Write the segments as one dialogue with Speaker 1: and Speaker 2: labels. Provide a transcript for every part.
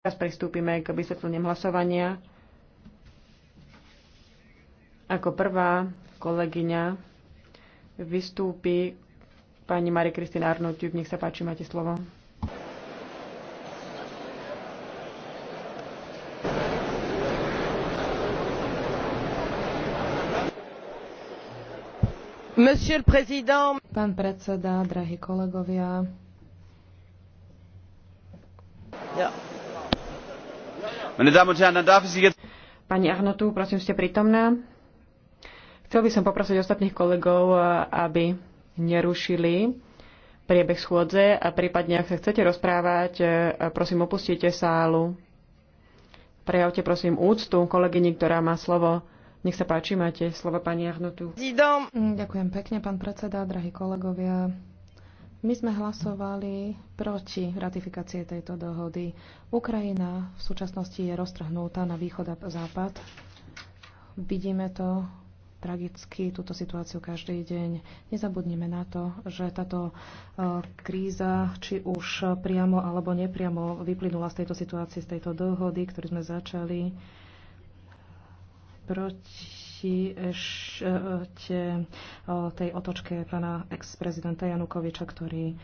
Speaker 1: Teraz pristúpime k vysvetleniem hlasovania. Ako prvá kolegyňa vystúpi pani Marie Kristina Arnotiuk. Nech sa páči, máte slovo.
Speaker 2: Pán predseda, drahí
Speaker 1: kolegovia. Ja. Pani Arnotu, prosím, ste prítomná. Chcel by som poprosiť ostatných kolegov, eh, aby nerušili priebeh schôdze a prípadne, ak sa chcete rozprávať, eh, prosím, opustite sálu. Prejavte, prosím, úctu kolegyni, ktorá má slovo. Nech sa páči, máte slovo pani Arnotu. Hm,
Speaker 2: ďakujem pekne, pán predseda, drahí kolegovia. My sme hlasovali proti ratifikácie tejto dohody. Ukrajina v súčasnosti je roztrhnutá na východ a západ. Vidíme to tragicky, túto situáciu každý deň. Nezabudnime na to, že táto e, kríza, či už priamo alebo nepriamo, vyplynula z tejto situácie, z tejto dohody, ktorú sme začali proti pamäti ešte tej otočke pána ex-prezidenta Janukoviča, ktorý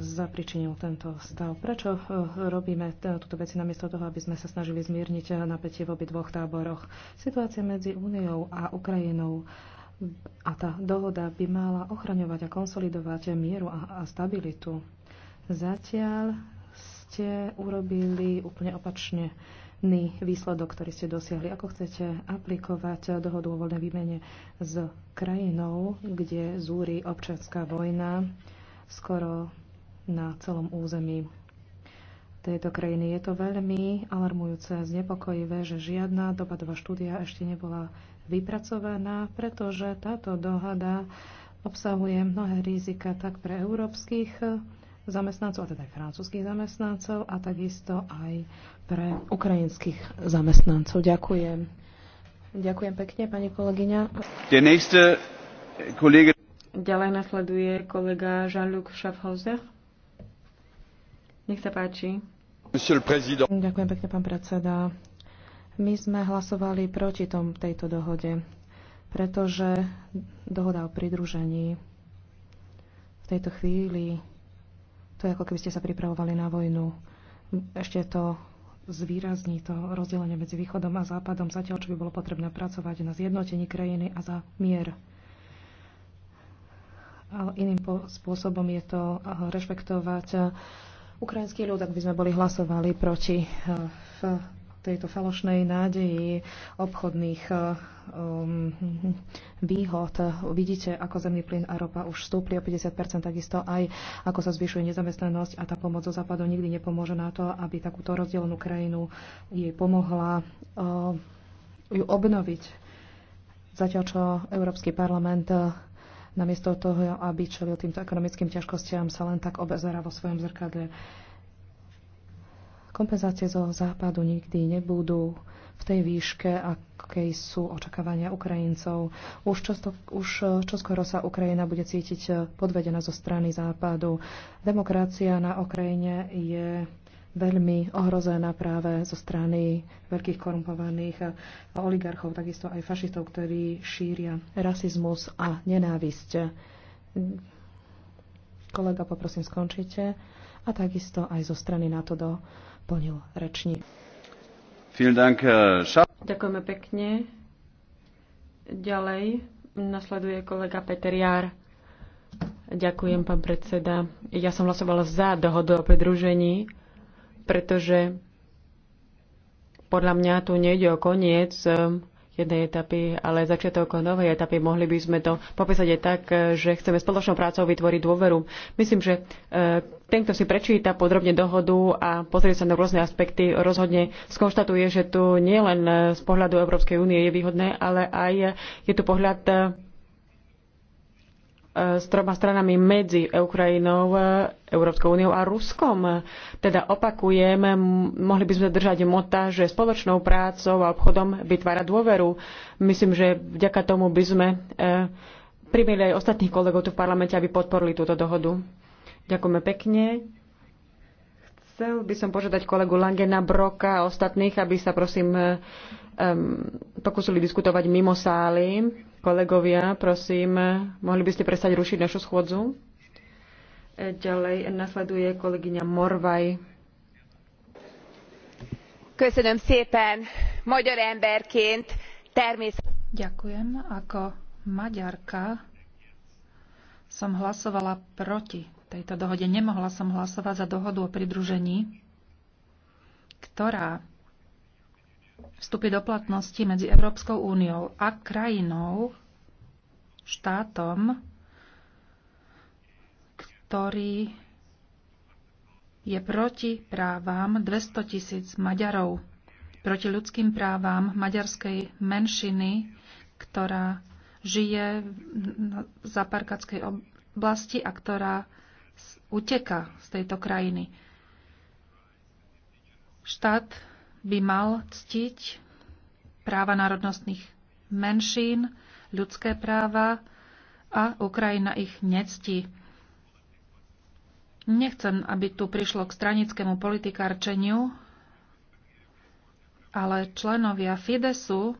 Speaker 2: zapričinil tento stav. Prečo robíme túto veci namiesto toho, aby sme sa snažili zmierniť napätie v obi dvoch táboroch? Situácia medzi Úniou a Ukrajinou a tá dohoda by mala ochraňovať a konsolidovať mieru a, a stabilitu. Zatiaľ ste urobili úplne opačne konkrétny výsledok, ktorý ste dosiahli. Ako chcete aplikovať dohodu o voľnej výmene s krajinou, kde zúri občanská vojna skoro na celom území tejto krajiny. Je to veľmi alarmujúce a znepokojivé, že žiadna dopadová štúdia ešte nebola vypracovaná, pretože táto dohada obsahuje mnohé rizika tak pre európskych zamestnancov, a teda aj francúzských zamestnancov a takisto aj pre ukrajinských zamestnancov. Ďakujem. Ďakujem pekne, pani kolegyňa.
Speaker 3: nächste
Speaker 1: Ďalej nasleduje kolega Jean-Luc Schaffhauser. Nech sa páči.
Speaker 3: Ďakujem
Speaker 2: pekne, pán predseda. My sme hlasovali proti tom, tejto dohode, pretože dohoda o pridružení v tejto chvíli to je ako keby ste sa pripravovali na vojnu. Ešte to zvýrazní to rozdelenie medzi východom a západom, zatiaľ čo by bolo potrebné pracovať na zjednotení krajiny a za mier. Ale iným spôsobom je to eh, rešpektovať eh, ukrajinský ľud, ak by sme boli hlasovali proti eh, v tejto falošnej nádeji obchodných eh, um, výhod. Vidíte, ako zemný plyn a ropa už vstúpli o 50%, takisto aj ako sa zvyšuje nezamestnanosť a tá pomoc zo západu nikdy nepomôže na to, aby takúto rozdielnú krajinu jej pomohla uh, ju obnoviť. Zatiaľ, čo Európsky parlament eh, namiesto toho, aby čelil týmto ekonomickým ťažkostiam, sa len tak obezerá vo svojom zrkadle. Uh, Kompenzácie zo západu nikdy nebudú v tej výške, aké sú očakávania Ukrajincov. Už, čo už čoskoro sa Ukrajina bude cítiť podvedená zo strany západu. Demokracia na Ukrajine je veľmi ohrozená práve zo strany veľkých korumpovaných oligarchov, takisto aj fašistov, ktorí šíria rasizmus a nenávisť. Kolega, poprosím, skončite. A takisto aj zo strany NATO do plnil rečník.
Speaker 1: Ďakujeme pekne. Ďalej nasleduje kolega Peter Jár. Ďakujem, pán predseda. Ja som hlasovala za dohodu o pridružení, pretože podľa mňa tu nejde o koniec jednej etapy, ale začiatok novej etapy mohli by sme to popísať aj tak, eh, že chceme spoločnou prácou vytvoriť dôveru. Myslím, že eh, ten, kto si prečíta podrobne dohodu a pozrie sa na rôzne aspekty, rozhodne skonštatuje, že tu nie len eh, z pohľadu Európskej únie je výhodné, ale aj je tu pohľad s troma stranami medzi Ukrajinou, e, Európskou úniou a Ruskom. Teda opakujem, mohli by sme držať mota, že spoločnou prácou a obchodom vytvára dôveru. Myslím, že vďaka tomu by sme e, primeli aj ostatných kolegov tu v parlamente, aby podporili túto dohodu. Ďakujeme pekne. Chcel by som požiadať kolegu Langena Broka a ostatných, aby sa prosím um, pokúsili diskutovať mimo sály. Kolegovia, prosím, eh, mohli by ste prestať rušiť našu schôdzu? Eh, ďalej nasleduje kolegyňa Morvaj.
Speaker 3: Köszönöm szépen. Magyar emberként természetesen. Ďakujem. Ako maďarka som hlasovala proti tejto dohode. Nemohla som hlasovať za dohodu o pridružení, ktorá vstupí do platnosti medzi Európskou úniou a krajinou, štátom, ktorý je proti právam 200 tisíc Maďarov, proti ľudským právam maďarskej menšiny, ktorá žije v zaparkackej oblasti a ktorá uteka z tejto krajiny. Štát by mal ctiť práva národnostných menšín, ľudské práva a Ukrajina ich nectí. Nechcem, aby tu prišlo k stranickému politikárčeniu, ale členovia Fidesu,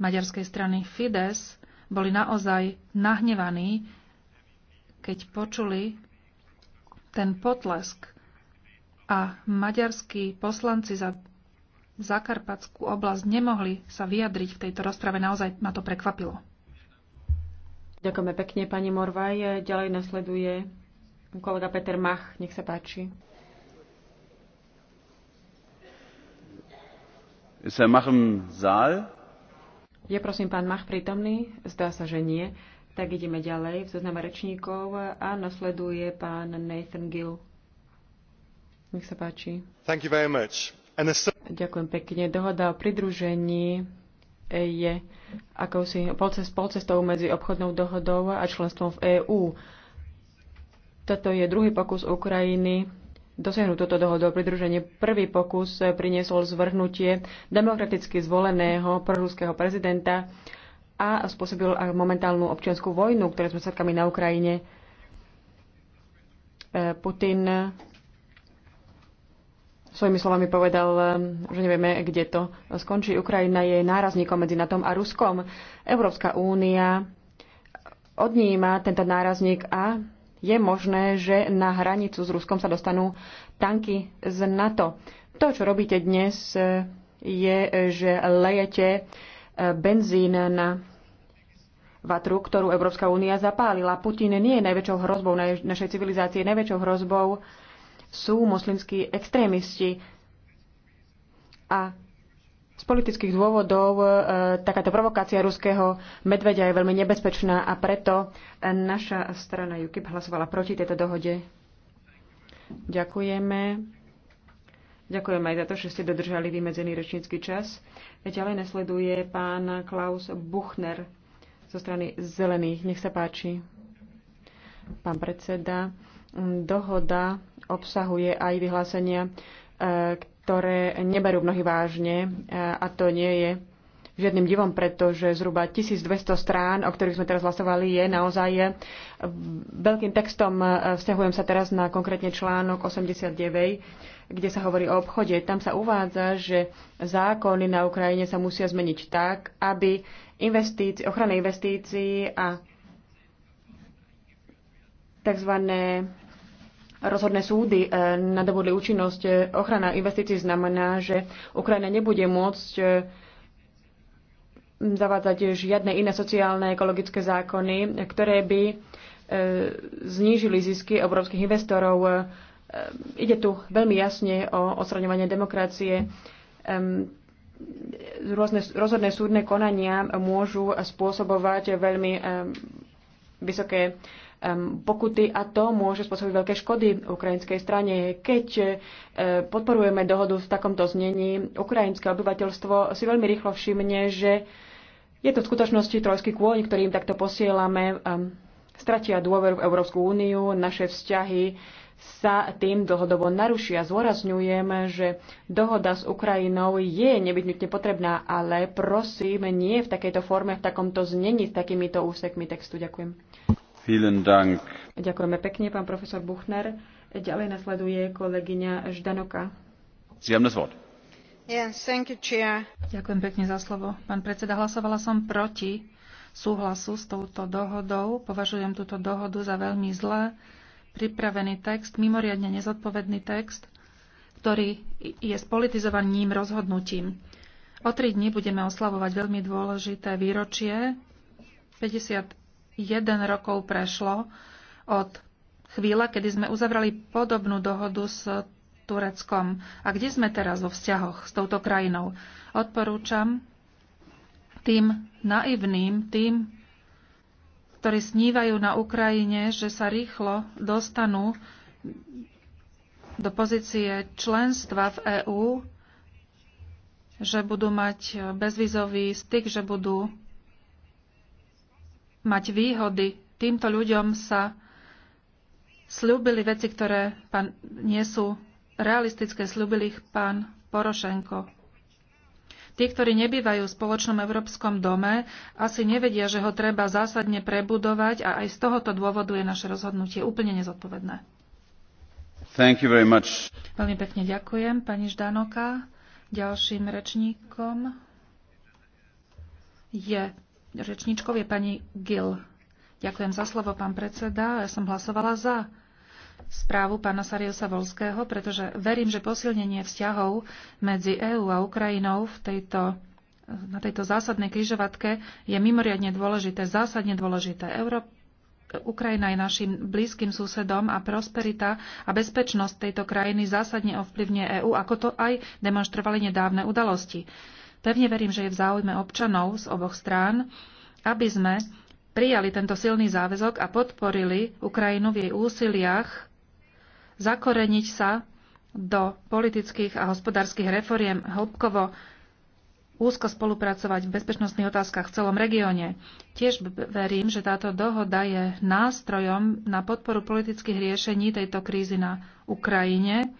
Speaker 3: maďarskej strany Fides, boli naozaj nahnevaní, keď počuli, ten potlesk a maďarskí poslanci za Zakarpatskú oblasť nemohli sa vyjadriť v tejto rozprave, naozaj ma to prekvapilo.
Speaker 1: Ďakujeme pekne, pani Morvaj. Ďalej nasleduje kolega Peter Mach. Nech sa páči. Je prosím pán Mach prítomný? Zdá sa, že nie. Tak ideme ďalej v zozname rečníkov a nasleduje pán Nathan Gill. Nech sa páči.
Speaker 3: Thank you very much. And
Speaker 1: the... Ďakujem pekne. Dohoda o pridružení je akousi polcestou medzi obchodnou dohodou a členstvom v EÚ. Toto je druhý pokus Ukrajiny dosiahnuť túto dohodu o pridružení. Prvý pokus priniesol zvrhnutie demokraticky zvoleného proruského prezidenta, a spôsobil momentálnu občianskú vojnu, ktoré sme svedkami na Ukrajine. E, Putin svojimi slovami povedal, že nevieme, kde to skončí. Ukrajina je nárazníkom medzi NATO a Ruskom. Európska únia odníma tento nárazník a je možné, že na hranicu s Ruskom sa dostanú tanky z NATO. To, čo robíte dnes, je, že lejete benzín na vatru, ktorú Európska únia zapálila. Putin nie je najväčšou hrozbou našej civilizácie. Najväčšou hrozbou sú moslimskí extrémisti. A z politických dôvodov e, takáto provokácia ruského medvedia je veľmi nebezpečná a preto naša strana UKIP hlasovala proti tejto dohode. Ďakujeme. Ďakujem aj za to, že ste dodržali vymedzený rečnícky čas. Ďalej nasleduje pán Klaus Buchner zo strany Zelených. Nech sa páči. Pán predseda, dohoda obsahuje aj vyhlásenia, e, ktoré neberú mnohí vážne e, a to nie je žiadnym divom, pretože zhruba 1200 strán, o ktorých sme teraz hlasovali, je naozaj je veľkým textom. E, vzťahujem sa teraz na konkrétne článok 89 kde sa hovorí o obchode. Tam sa uvádza, že zákony na Ukrajine sa musia zmeniť tak, aby investíci, ochrana investícií a tzv. rozhodné súdy eh, nadobudli účinnosť. Ochrana investícií znamená, že Ukrajina nebude môcť eh, zavádzať žiadne iné sociálne, ekologické zákony, ktoré by eh, znížili zisky obrovských investorov. Ehm, ide tu veľmi jasne o odstraňovanie demokracie. Ehm, rôzne rozhodné súdne konania môžu spôsobovať veľmi ehm, vysoké pokuty a to môže spôsobiť veľké škody ukrajinskej strane. Keď e, podporujeme dohodu v takomto znení, ukrajinské obyvateľstvo si veľmi rýchlo všimne, že je to v skutočnosti trojský kôň, ktorým takto posielame, stratia dôveru v Európsku úniu, naše vzťahy sa tým dlhodobo narušia. Zôrazňujem, že dohoda s Ukrajinou je nevyhnutne potrebná, ale prosím, nie v takejto forme, v takomto znení, s takýmito úsekmi textu. Ďakujem. Dank. Ďakujeme pekne, pán profesor Buchner. Ďalej nasleduje kolegyňa Ždanoka.
Speaker 3: Yes, thank you, chair. Ďakujem pekne za slovo. Pán predseda, hlasovala som proti súhlasu s touto dohodou. Považujem túto dohodu za veľmi zlé pripravený text, mimoriadne nezodpovedný text, ktorý je spolitizovaným rozhodnutím. O tri dni budeme oslavovať veľmi dôležité výročie. 51 rokov prešlo od chvíle, kedy sme uzavrali podobnú dohodu s Tureckom. A kde sme teraz vo vzťahoch s touto krajinou? Odporúčam tým naivným, tým ktorí snívajú na Ukrajine, že sa rýchlo dostanú do pozície členstva v EÚ, že budú mať bezvizový styk, že budú mať výhody. Týmto ľuďom sa slúbili veci, ktoré pán, nie sú realistické, slúbil ich pán Porošenko. Tí, ktorí nebývajú v spoločnom európskom dome, asi nevedia, že ho treba zásadne prebudovať a aj z tohoto dôvodu je naše rozhodnutie úplne nezodpovedné.
Speaker 2: Thank you very much.
Speaker 3: Veľmi pekne ďakujem, pani Ždanoka. Ďalším rečníkom je rečníčkou je pani Gill. Ďakujem za slovo, pán predseda. Ja som hlasovala za správu pána Sariosa Volského, pretože verím, že posilnenie vzťahov medzi EÚ a Ukrajinou v tejto, na tejto zásadnej križovatke je mimoriadne dôležité, zásadne dôležité. Euró- Ukrajina je našim blízkym susedom a prosperita a bezpečnosť tejto krajiny zásadne ovplyvňuje EÚ, ako to aj demonstrovali nedávne udalosti. Pevne verím, že je v záujme občanov z oboch strán, aby sme prijali tento silný záväzok a podporili Ukrajinu v jej úsiliach zakoreniť sa do politických a hospodárskych reforiem hĺbkovo úzko spolupracovať v bezpečnostných otázkach v celom regióne. Tiež verím, že táto dohoda je nástrojom na podporu politických riešení tejto krízy na Ukrajine.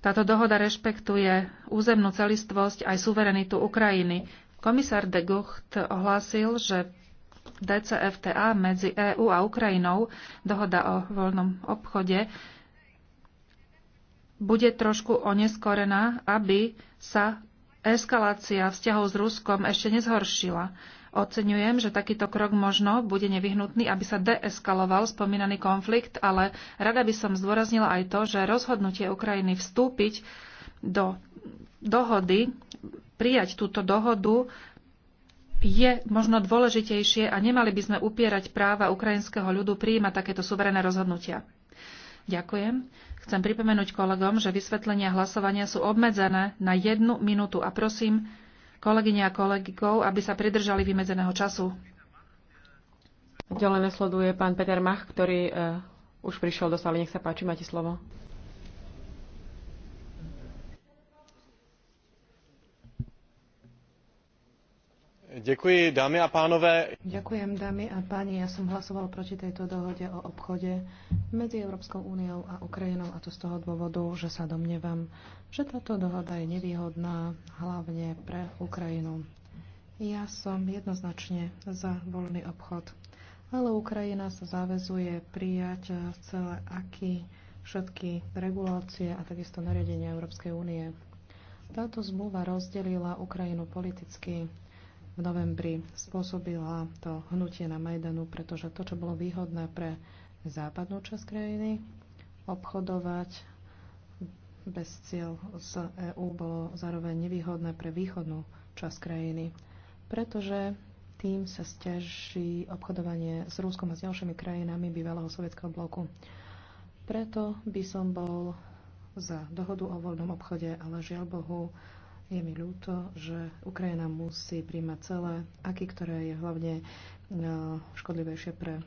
Speaker 3: Táto dohoda rešpektuje územnú celistvosť aj suverenitu Ukrajiny. Komisár de Gucht ohlásil, že DCFTA medzi EÚ a Ukrajinou, dohoda o voľnom obchode, bude trošku oneskorená, aby sa eskalácia vzťahov s Ruskom ešte nezhoršila. Oceňujem, že takýto krok možno bude nevyhnutný, aby sa deeskaloval spomínaný konflikt, ale rada by som zdôraznila aj to, že rozhodnutie Ukrajiny vstúpiť do dohody, prijať túto dohodu je možno dôležitejšie a nemali by sme upierať práva ukrajinského ľudu prijímať takéto suverené rozhodnutia. Ďakujem. Chcem pripomenúť kolegom, že vysvetlenia hlasovania sú obmedzené na jednu minútu a prosím kolegyne a kolegov, aby sa pridržali vymedzeného času.
Speaker 1: Ďalej nasleduje pán Peter Mach, ktorý uh, už prišiel do sály. Nech sa páči, máte slovo.
Speaker 3: Ďakujem, dámy
Speaker 2: a páni. Ja som hlasoval proti tejto dohode o obchode medzi Európskou úniou a Ukrajinou a to z toho dôvodu, že sa domnievam, že táto dohoda je nevýhodná hlavne pre Ukrajinu. Ja som jednoznačne za voľný obchod, ale Ukrajina sa záväzuje prijať celé aky všetky regulácie a takisto nariadenia Európskej únie. Táto zmluva rozdelila Ukrajinu politicky novembri. Spôsobila to hnutie na Majdanu, pretože to, čo bolo výhodné pre západnú časť krajiny, obchodovať bez cieľ z EÚ bolo zároveň nevýhodné pre východnú časť krajiny, pretože tým sa stiaží obchodovanie s Ruskom a s ďalšími krajinami bývalého sovietského bloku. Preto by som bol za dohodu o voľnom obchode, ale žiaľ Bohu, je mi ľúto, že Ukrajina musí príjmať celé aky, ktoré je hlavne e, škodlivejšie pre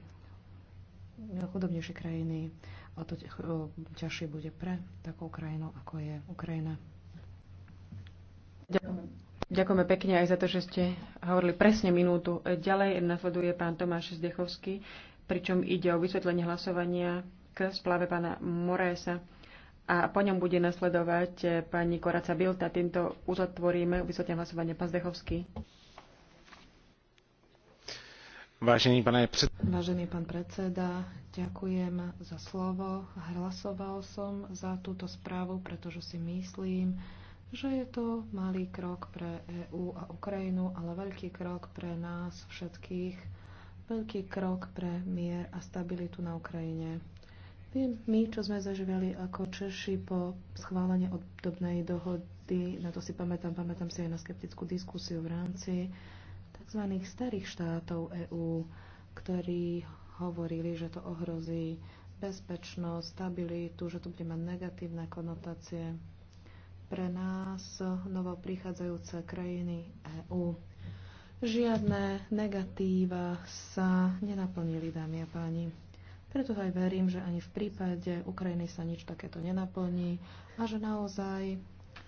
Speaker 2: chudobnejšie krajiny a to e, ťažšie bude pre takú krajinu, ako je Ukrajina.
Speaker 1: Ďakujem. Ďakujeme pekne aj za to, že ste hovorili presne minútu. Ďalej nasleduje pán Tomáš Zdechovský, pričom ide o vysvetlenie hlasovania k splave pána Moresa a po ňom bude nasledovať eh, pani Koraca Bilta. Týmto uzatvoríme vysvetlené hlasovanie. Pán Zdechovský.
Speaker 2: Vážený, pane pred... Vážený pán
Speaker 1: predseda, ďakujem
Speaker 2: za slovo. Hlasoval som za túto správu, pretože si myslím, že je to malý krok pre EÚ a Ukrajinu, ale veľký krok pre nás všetkých, veľký krok pre mier a stabilitu na Ukrajine. Viem, my, čo sme zažívali ako Češi po schválení obdobnej dohody, na to si pamätám, pamätám si aj na skeptickú diskusiu v rámci tzv. starých štátov EÚ, ktorí hovorili, že to ohrozí bezpečnosť, stabilitu, že to bude mať negatívne konotácie pre nás, novo prichádzajúce krajiny EÚ. Žiadne negatíva sa nenaplnili, dámy a páni. Preto aj verím, že ani v prípade Ukrajiny sa nič takéto nenaplní a že naozaj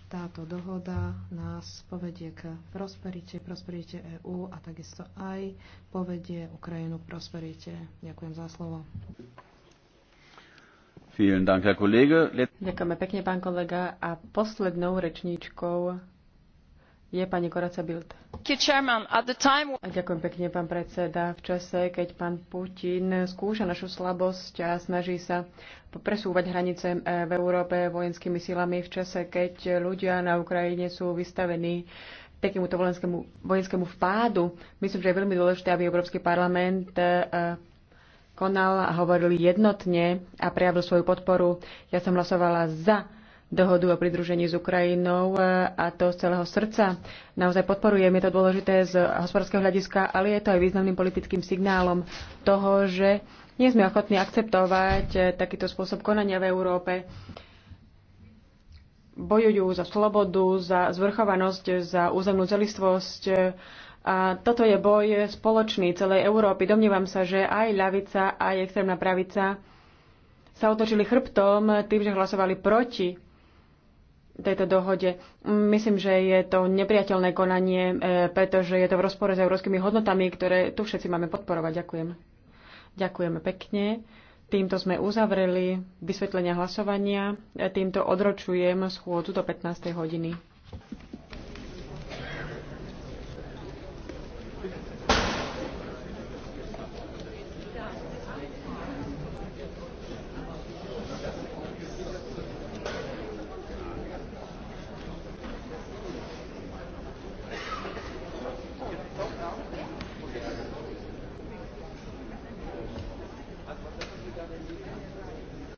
Speaker 2: táto dohoda nás povedie k prosperite, prosperite EÚ a takisto
Speaker 1: aj povedie Ukrajinu prosperite. Ďakujem za slovo.
Speaker 3: Ďakujeme
Speaker 1: pekne, pán kolega. A poslednou rečníčkou je pani Koraca Bild. Ďakujem pekne, pán predseda. V čase, keď pán Putin skúša našu slabosť a snaží sa presúvať hranice e, v Európe vojenskými silami, v čase, keď ľudia na Ukrajine sú vystavení takémuto vojenskému, vojenskému vpádu, myslím, že je veľmi dôležité, aby Európsky parlament e, konal a hovoril jednotne a prejavil svoju podporu. Ja som hlasovala za dohodu o pridružení s Ukrajinou e, a to z celého srdca. Naozaj podporujem, je to dôležité z hospodárskeho hľadiska, ale je to aj významným politickým signálom toho, že nie sme ochotní akceptovať e, takýto spôsob konania v Európe. Bojujú za slobodu, za zvrchovanosť, za územnú celistvosť. E, a toto je boj spoločný celej Európy. Domnívam sa, že aj ľavica, aj extrémna pravica sa otočili chrbtom tým, že hlasovali proti tejto dohode. Myslím, že je to nepriateľné konanie, e, pretože je to v rozpore s európskymi hodnotami, ktoré tu všetci máme podporovať. Ďakujem. Ďakujeme pekne. Týmto sme uzavreli vysvetlenia hlasovania. E, týmto odročujem schôdzu do 15. hodiny.